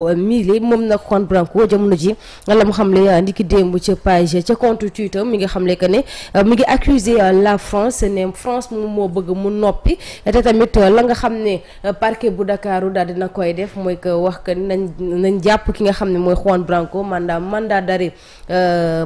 Euh, miile moom nag Juan Branco jamono ji la mu xamle euh, ndiki démb ca page ca compte Twitter mi ngi xamle que ne euh, mi ngi accusé la France ne France moom moo bëgg mu noppi te tamit la nga xam ne parquet bu Dakaaru daal dina koy def mooy que wax que nañ nañ jàpp ki nga xam ne mooy Juan Branco mandat mandat d'arrêt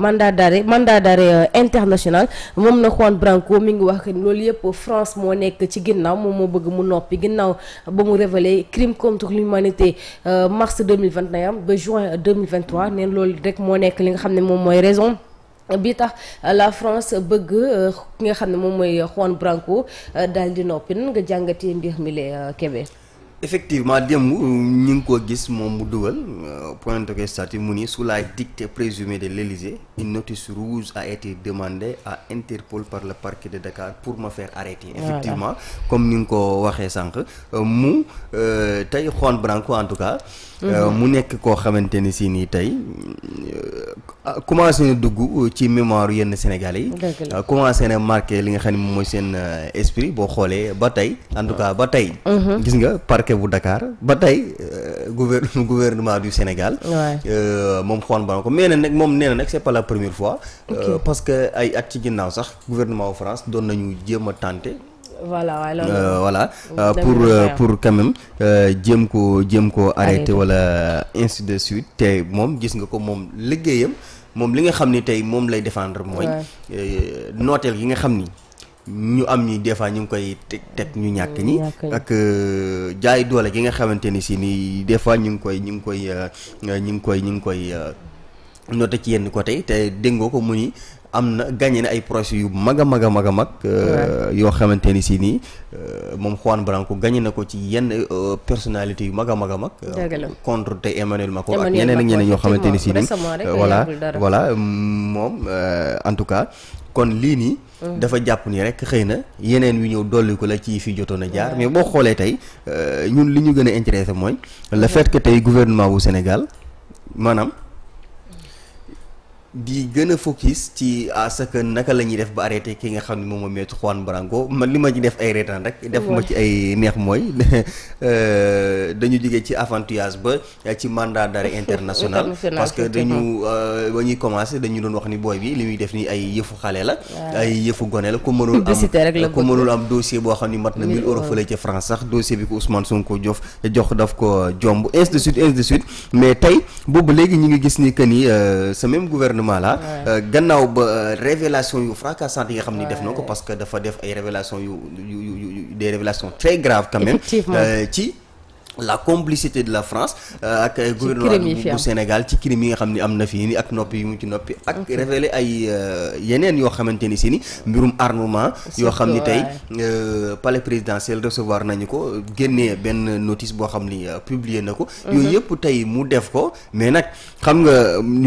mandat d'arrêt mandat d'arrêt international moom nag Juan Branco mi ngi wax que loolu yëpp France moo nekk ci ginnaaw moom moo bëgg mu noppi ginnaaw ba mu révélé crime contre l'humanité mars mars 2021 ba juin 2023 neen loolu rek moo nekk li nga xam ne moom mooy raison bi tax la France bëgg euh, ki nga xam ne moom mooy Juan Branco euh, daal di noppi nan nga jàngatee mbir mi lee euh, Kébé effectivement démb ñu ngi ko gis moom mu dugal pointe que statut mu ni sous la dictée présumée de l'Élysée une notice rouge a été demandée à Interpol par le parque de Dakar pour me faire arrêter effectivement comme ni nga ko waxee sànq euh, mu euh, tey Juan Branco en tout cas euh, mhm. mu nekk koo xamante ni si nii tey commencé na dugg ci mémoire yenn Sénégalais yi commencé na marqué li nga xam ne moom mooy seen esprit boo xoolee ba tey en tout cas ba tey mhm. gis nga parquet bu Dakar ba tey euh, gouvernement gouvernement du Sénégal. Euh, moom xoon ba na ko mais nag moom nee na nag c'est pas la première fois. Euh, parce que ay at ci ginnaaw sax gouvernement wu France doon nañu jéem a tenter. voilà voilà pour pour quand même jéem ko jéem ko arrêté wala ainsi de suite te moom gis nga ko moom liggéeyam moom li nga xam ni tey moom lay défendre mooy nooteel gi nga xam ni ñu am ñi des fois ñu ngi koy teg teg ñu ñàkk ñi ak euh, jaay doole gi nga xamante ni si nii des fois ñu ngi koy ñu ngi koy euh, ñu ngi koy ñu ngi koy euh, noté ci yenn côté te déngoo ko mu ni am na gagné na ay procès yu mag a mag a mag a mag yoo xamante ni si nii moom Juan Branco gagné na ko ci yenn personnalité yu mag a mag a mag contre tey Emmanuel Macron ak ñeneen ak ñeneen ñoo xamante ni si nii voilà voilà moom en tout cas kon lii nii dafa jàpp ni rek xëy na yeneen wi ñëw dolli ko la ci fi jotoon na jaar mais boo xoolee tey euh, ñun li ñu gën a intéressé mooy le fait que tey gouvernement wu Sénégal maanaam di gën a focus ci à naka la def ba arrêté ki nga xam ne moom mooy maître Juan Branco man li ma ci def ay reetaan rek. def ma ci ay neex mooy euh, dañu jógee ci avantage ba euh, ci mandat d'arrêt international. parce que dañu euh, ba ñuy commencé dañu doon wax ni booy bi li muy def ni ay yëfu xale la. ay yëfu gone la ku mënul am ku mënul am dossier boo xam ni mat na 1000 euros fële ca France sax dossier bi ko Ousmane Sonko jof jox daf ko jomb ainsi de suite ainsi mais tey boobu léegi événement euh, gannaaw ba euh, révélation yu fracassante yi nga xam ni def na ko parce que dafa def ay révélation yu yu yu des révélations très graves quand même euh, ci la complicité de la France euh, ak gouvernement bu Sénégal ci crime yi nga xam ne am na fii ni ak noppi yu mu ci noppi ak révélé ay euh, yeneen yoo xamante ni si ni mbirum armement yoo xam ni tey euh, palais présidentiel recevoir nañu ko génnee benn notice boo xam ni publier na ko mhm. yooyu yëpp tey mu def ko mais nag xam nga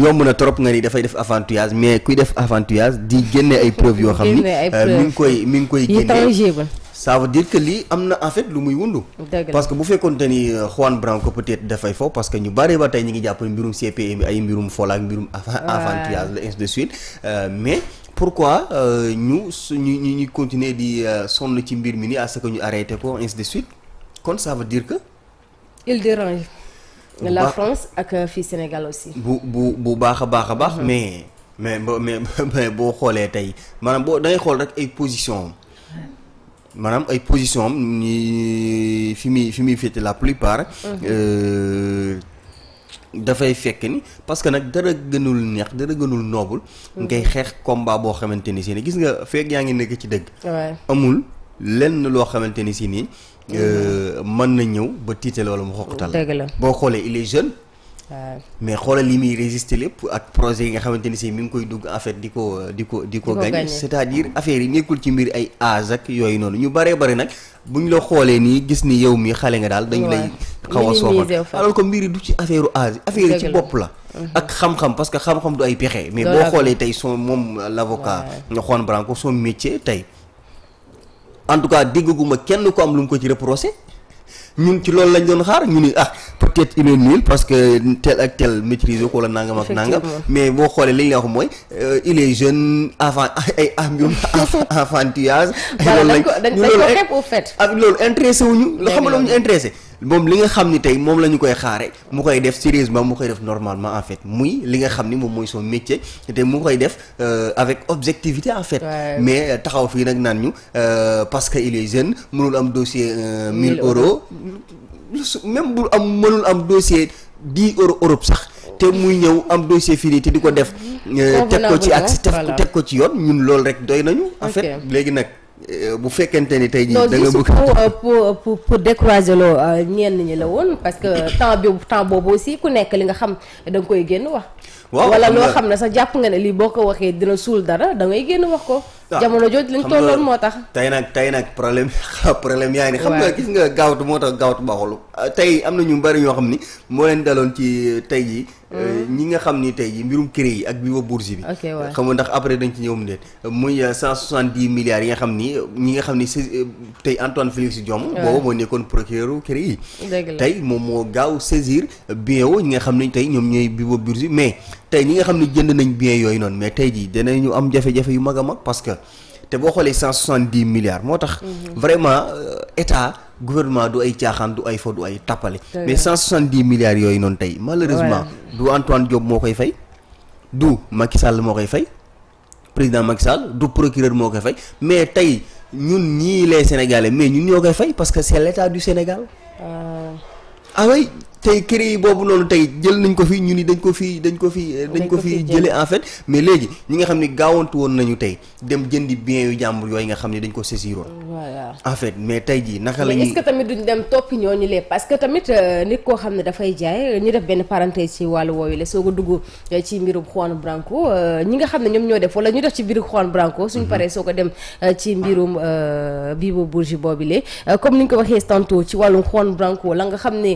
yomb na trop nga ni dafay def avantage mais kuy def avantage di génne ay preuves yoo xam ni mi ngi koy mu ngi koy génne ça veut dire que lii am na en fait lu muy wundu parce que bu fekkoonte ni euh, Juan Branco peut-être dafay fo parce que ñu bari ba tey ñu ngi jàpp mbirum CPI e ay mbirum fola ak mbirum enfantillage la ainsi de suite euh, mais pour pourquoi euh, ñu suñu ñu ñu continuer di sonn ci mbir mi ni à ce ñu arrêté ko ainsi de suite kon ça veut que il dérange la France ak fii Sénégal aussi bu bu bu baax a baax a baax mm-hmm. mais mais mais boo xoolee tey maanaam boo dangay xool rek ay position maanaam ay position am ñi fi muy fi muy féete la plupart mhm. euh, dafay fekk ni parce que nag dara gënul neex dara gënul noobul mhm. ngay xeex combat boo xamante ni si ni gis nga fekk yaa ngi nekk ci dëgg amul lenn loo xamante ni si nii mhm. euh, mën na ñëw ba tiital wala mu xoqatal boo xoolee il est mais xoolal li muy résister lépp ak projet yi nga xamante ni si mi ngi koy dugg en di ko di ko di ko gañ c'est-à-dire affaire yi nekkul ci mbir ay âge ak yooyu noonu ñu baree bari nag bu ñu la xoolee nii gis ni yow mii xale nga daal dañu lay xaw a soofal alors ko mbir du ci affaire âge affaire ci bopp la mm-hmm. ak xam-xam parce que xam-xam du ay pexe mais boo xoolee tey soo moom l'avocat Juan Branco son métier tey en tout cas déggaguma kenn ko am lu m ko ci reproché ñun ci loolu lañ doon xaar ñu ni ah peut-être il est nul parce que tel ak tel maîtrise ko wala nangam ak nangam mais boo xoolee li ñu la wax mooy euh, il est jeune avant ay am ñun enfantillage loolu lañ ñu loolu ak ah, loolu intéressé wuñu la xam nga loolu ñu intéressé moom li nga xam ni tey moom la ñu koy xaare mu koy def sérieusement mu koy def normalement en fait muy li nga xam ni moom mooy son métier te mu koy def euh, avec objectivité en fait mais euh, taxaw fii nag naan ñu euh, parce que il est jeune mënul am dossier 1000 euros même bu am mënul am dossier 10 euros Europe sax te muy ñëw am dossier fii te di ko def teg ko ci ak teg ko ci yoon ñun loolu rek doy nañu en fait léegi nag Euh, bu fekkente ni tey jii. da nga bëgg pour euh, euh, pour pour décourager loo ñenn ñi la woon parce que temps bi temps boobu si ku nekk li nga xam danga koy génn wax. waaw wala loo xam ne sa jàpp nga ne lii boo ko waxee dina suul dara da ngay génn wax ko. Ah, jamono jooju lañ tolloon moo tax. tey nag tey nag problème problème yaa ngi xam nga gis nga gaawtu moo tax gaawtu baaxul. tey am na ñu bari ñoo xam ni moo leen daloon ci tey jii. Euh, ñi nga xam ni tey mbirum créé yi ak bi wa bi xam nga ndax après dañ ci ñëw mu ne muy cent soixante dix milliards yi nga xam ni ñi nga xam ni euh, tey Antoine Félix Diome booba moo nekkoon procureur créé yi tey moom moo gaaw saisir bien ñi nga xam ne tey ñoom ñooy bi wa bourse mais tey ñi nga xam ne jënd nañ bien yooyu noonu mais tey jii danañu am jafe-jafe yu mag a mag parce que te boo xoolee cent soixante dix milliards moo tax mhm. vraiment euh, état gouvernement du ay caaxaan du ay fo du ay tappale mais cent soixante dix milliards yooyu noonu tey malheureusement du Antoine Diop moo koy fay du Macky Sall moo koy fay président Macky Sall du procureur moo koy fay mais tey ñun ñii les Sénégalais mais ñun ñoo koy fay parce que c'est l'état du Sénégal euh. ah tey yi boobu noonu tey jël nañ ko fi ñu ni dañ ko fi dañ ko fi eh, dañ ko fi jële en fait mais léegi ñi nga xam ni gaawantu woon nañu tey dem jëndi bien yu jàmbur yooyu nga xam ne dañ ko saisiroon voilà en fait mais tey jii naka la ñuy tamit duñ dem toppi ñooñu lépp parce que tamit euh, nit koo xam ne dafay jaay euh, ñu def benn parenthèse ci wàll woowu la soo ko dugg euh, ci mbirum Juan Branco ñi nga xam ne ñoom ñoo def wala ñu def ci mbirum Juan Branco suñ mhm. paree soo ko dem ci mbirum Bibo Bourgi boobu le comme ni ñu ko waxee tantôt ci wàllum Juan Branco la nga xam ne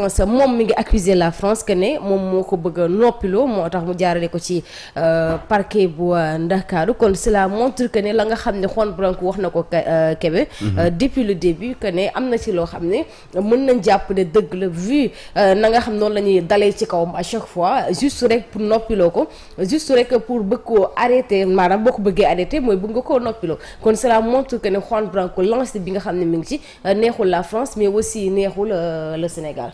France moom mi ngi accuser la France que ne moom moo ko bëgg a noppiloo moo tax mu jaarale ko ci euh, parquet bu euh, Ndakaaru kon cela montre que ne la nga xam ne Juan Branco wax na ko euh, Kébé mhm. depuis le début que ne am na ci loo xam ne mën nañ jàpp ne dëgg la vu na nga xam noonu la ñuy dalee ci kawam à chaque fois juste rek pour noppiloo ko juste rek pour bëgg koo arrêté maanaam boo ko bëggee arrêté mooy bëgg nga koo noppiloo kon cela montre que ne Juan Branco lancé bi nga xam ne mu ngi ci neexul la France mais aussi neexul le Sénégal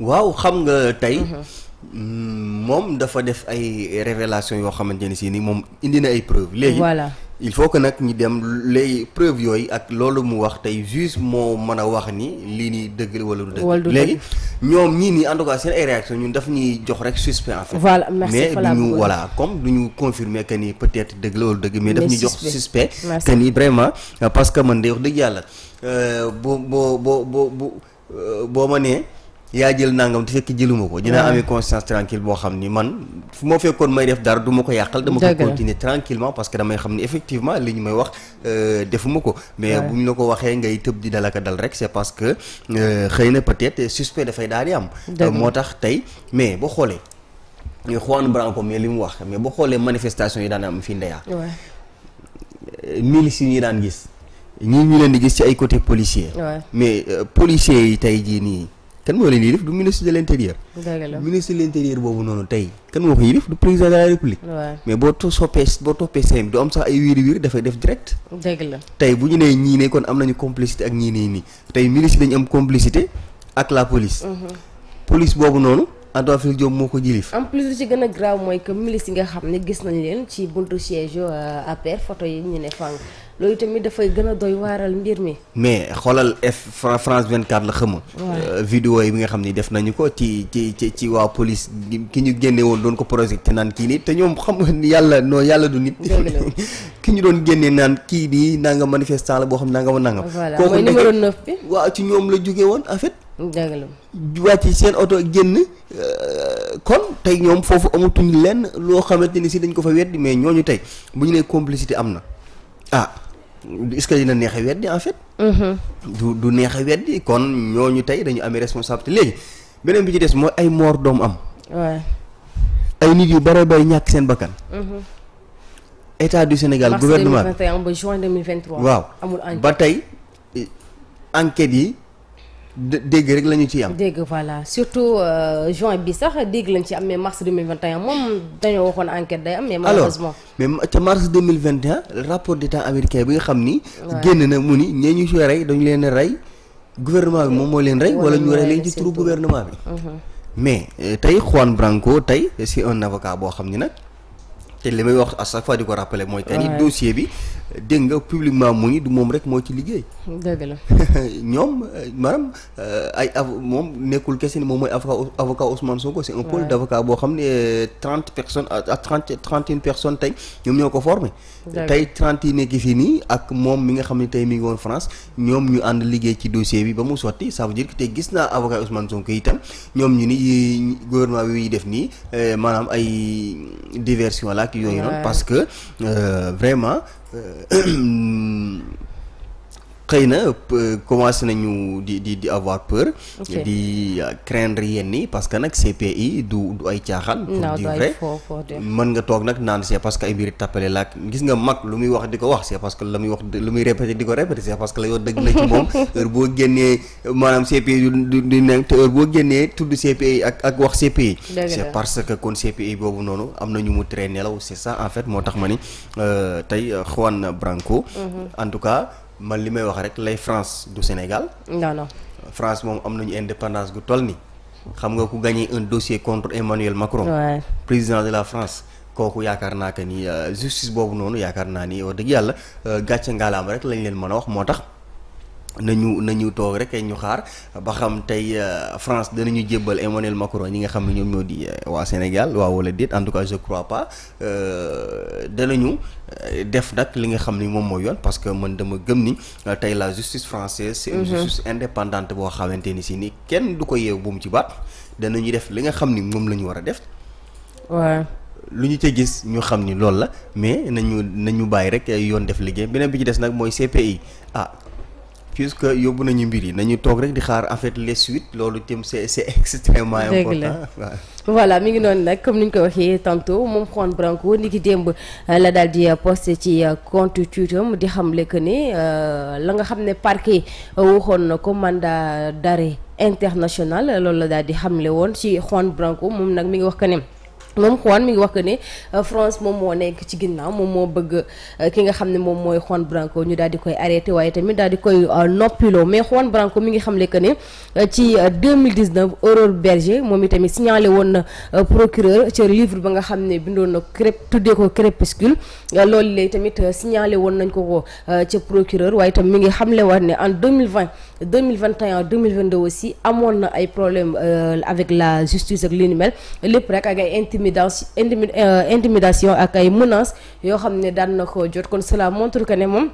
waaw xam nga tey. Mhm. Mm, moom dafa def ay révélation yoo xamante ne sii nii moom indi na ay preuves. léegi voilà il faut que nag ñu dem les preuves yooyu ak loolu mu wax tey juste moo mën a wax ni lii nii dëgg wala du dëgg. léegi ñoom ñii nii en tout cas seen ay réaction ñun daf ñuy jox rek suspect en fait. voilà merci mais comme du ñu confirmer que ni peut être dëgg la wala dëgg. mais daf ñuy jox suspect. que ni vraiment parce que man de wax dëgg yàlla euh, boo boo boo boo boo euh, ma nee. yaa jël nangam te fekk jëluma ko dinaa amee conscience tranquille boo xam ni man fu fekkoon may def dara du ko yàqal dama ko continuer tranquillement parce que damay xam ni effectivement li ñu may wax euh, defuma ko mais bu ñu la ko waxee ngay tëb di dalaka dal rek c'est parce que euh, xëy na peut-être suspect dafay daal di am moo tax tey mais boo xoolee euh, Juan Branco mais li mu wax mais boo xoolee manifestation yi daan am fii ndeyaa milice yi ñuy daan gis ñii di gis ci ay côté policier mais policier yi tey jii nii kan moo leen yilif du ministre de l' intérieur. ministre de l' intérieur boobu noonu tey. kan moo ko yilif du président de la république. mais boo too soppee boo toppee seen du am sax ay wiiri wiiri dafay def direct. dëgg bu ñu nee ñii ne kon am nañu complicité ak ñii nii tey ministre dañu am complicité ak la police. Mhm. police boobu noonu. Antoine Diome moo ko jilif en plus lu ci gën a grave mooy que milice yi nga xam ne gis nañ leen ci buntu siège euh, loolu tamit dafay gën a waaral mbir mi. mais xoolal F France 24 la xëma euh, vidéo yi nga xam ni def nañu ko ci ci ci ci waa police ki ñu génne woon doon ko projeté naan kii nii te ñoom xam nga yàlla non yàlla du nit. ki ñu doon génne naan kii nii nanga manifestant la boo xam nanga ma nangam. voilà mooy numéro 9 bi waaw ci ñoom la jóge woon en fait. wàcc seen oto génn euh, kon tey ñoom foofu amatuñu lenn loo xamante ni si dañ ko fa weddi mais ñooñu tey bu ñu nee complicité am na ah, est-ce que dina neex a weddi en fait. Mm-hmm. du du neex a weddi kon ñooñu tey dañu amee responsabilité léegi beneen bi ci des mooy ay moor doom am. waaw ay nit yu bare bay ñàkk seen bakkan. Mm-hmm. état du Sénégal mars gouvernement mars 2021 ba juin 2023. waaw ba tey enquête yi. dégg rek la ñu ci am. dégg voilà surtout euh, juin bi sax dégg lañ ci am mais mars 2021 moom dañoo waxoon enquête day am. mais malheureusement mais ca mars 2021 rapport d'état américain bi nga xam ni. génn na mu ni ñee ñu si rey dañu leen rey gouvernement bi moom moo leen rey. wala ñu rey leen ci turu gouvernement bi. Mm-hmm. mais euh, tey Juan Branco tey c'est un avocat boo xam ni nag. te li may wax à chaque fois di ko rappelé mooy. waaw que ni dossier bi dégg nga publiquement mu ngi du moom rek moo ci liggéey. dëgg la ñoom maanaam euh, ay av moom nekkul kese ni moom mooy avocat avocat Ousmane Sonko. c'est un pôle d'avocat boo xam ne euh, trente personnes à trente trente et une personnes tey ñoom ñoo ko formé. tey trente yi nekk fii nii ak moom mi nga xam ne tey mi ngi woon France ñoom ñu ànd liggéey ci dossier bi ba mu sotti ça veut dire que tey gis naa avocat Ousmane Sonko itam ñoom ñu ni gouvernement bi def nii euh, maanaam ay diversion la. yooyu parce que euh, vraiment euh, mm, xëy na euh, commencé nañu di di di avoir peur. Okay. di euh, craindre yenn yi parce que nag CPI du du ay caaxaan. pour dire vrai mën nga toog nag naan c'est parce que ay mbiri tappale laak gis nga mag lu muy wax di ko wax c'est parce que la muy wax lu muy répété di ko répété c'est parce que la yow dëgg la ci moom heure boo génnee maanaam CPI du du nekk te boo génnee tudd CPI ak ak wax CPI. c'est parce que kon CPI boobu noonu am na ñu mu traîner nelaw c'est ça en fait moo tax ma ni euh, tey Juan Branco. Mm-hmm. en man li may wax rek lay France du Sénégal. non France moom am nañu indépendance gu toll nii xam nga ku gagné un dossier contre Emmanuel Macron. Ouais. président de la France. kooku yaakaar naa que ni euh, justice boobu noonu yaakaar naa ni wax dëgg yàlla euh, gàcce ngaalaam rek lañ leen mën a wax moo tax. nañu nañu toog rek ñu xaar ba xam tey euh, France danañu jébbal Emmanuel Macron ñi nga xam ne ñoom ñoo di euh, waa Sénégal waa wala déet en tout cas je crois pas euh, danañu def nag li nga xam ni moom mooy yoon parce que man dama gëm ni tey la justice française mhm. indépendante boo xamante ni si ni kenn du ko yeew bu mu ci baat danañu def li nga xam ni moom la ñu war a def. waaw. lu ñu ca gis ñu xam ni loolu la mais nañu nañu bàyyi rek yoon def liggéey beneen bi ci des nag mooy CPI ah. puisque yóbbu nañu mbir yi nañu toog rek di xaar en fait les suites loolu itam c'est c'est extrêmement important voilà mi ngi noonu nag comme ni ñu ko waxee tantôt moom Juan Branco ni ki démb euh, la daal di euh, posté ci euh, compte Twitter am di xamle que ne la nga xam ne parquet waxoon na ko mandat d'arrêt international loolu la daal di xamle woon ci Juan Branco moom nag mi ngi wax que ne moom Juan mi ngi wax que ne euh, France moom moo nekk ci ginnaaw moom moo bëgg euh, ki nga xam ne moom mooy Juan Branco ñu daal di koy arrêté waaye tamit daal di koy euh, noppiloo mais Juan Branco mi ngi xamle que ne ci 2019 Aurore Berger moom itamit signalé woon na procureur ci livre ba nga xam ne bindoon na crép tuddee ko crépuscule loolu léegi tamit signalé woon nañ ko ko ca procureur waaye itam mi ngi xamle waat ne en 2020 2021 2022 aussi amoon na ay problème avec la justice ak li ni mel lépp rek ak ay intime intimidation euh, intimidation ak ay menaces yoo xam ne daan na ko jot kon cela montre que ne moom.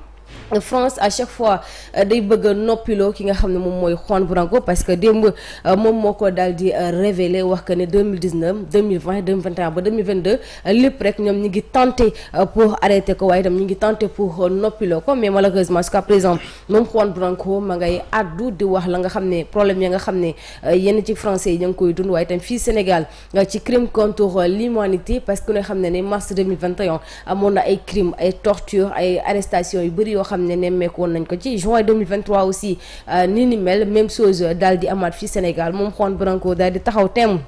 France à chaque fois euh, day bëgg noppiloo ki nga xam ne moom mooy Juan Branco parce que démb euh, moom moo ko daal di euh, révélé wax que ne 2019 2020 2021 ba 2022 lépp rek ñoom ñi ngi tenté pour arrêter ko waaye itam ñi ngi tenté pour noppiloo ko mais malheureusement jusqu'à présent moom Juan Branco ma ngay addu di wax la nga xam ne problème ya nga xam ne yenn ci français yi ña ngi koy dund waaye itam fii Sénégal ci crime contre l'humanité parce que ku xam ne ne mars 2021 amoon na ay crime ay yu bëri yoo xam ne nemmeekoon woon nañ ko ci juin 2023 aussi euh, ni ni mel même chose daal di amaat fii Sénégal moom Juan Branco daal di taxaw temm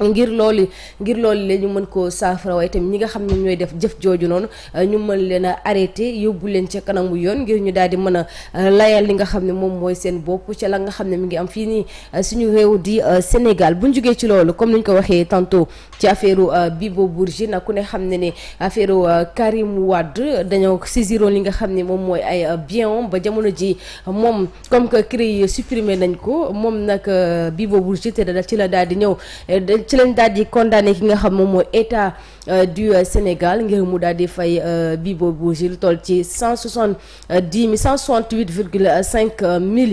ngir loolu ngir loolu la ñu mën koo saafara waaye tamit ñi nga xam ne ñooy def jëf jooju noonu ñu mën leen a arrêté yóbbu leen ca kanamu yoon ngir ñu daal di mën a euh, layal li nga xam ne moom mooy seen bopp ca la nga xam ne mi ngi am fii nii euh, suñu réew di euh, Sénégal bu jugee ci loolu comme ni ñu ko waxee tantôt ci affaire Bibo Bourgi nag ku ne xam ne ne affaire Karim Wade dañoo saisiroon li nga xam ne moom mooy ay bien ba jamono ji moom comme que CREI supprimé nañ ko moom nag Bibo Bourgi te da ci la daal di ñëw. ci lañ daal di condamné ki nga xam moom moo état euh, du euh, Sénégal ngir mu daal di fay bii boobu lu toll ci cent soixante dix mille cent soixante huit mille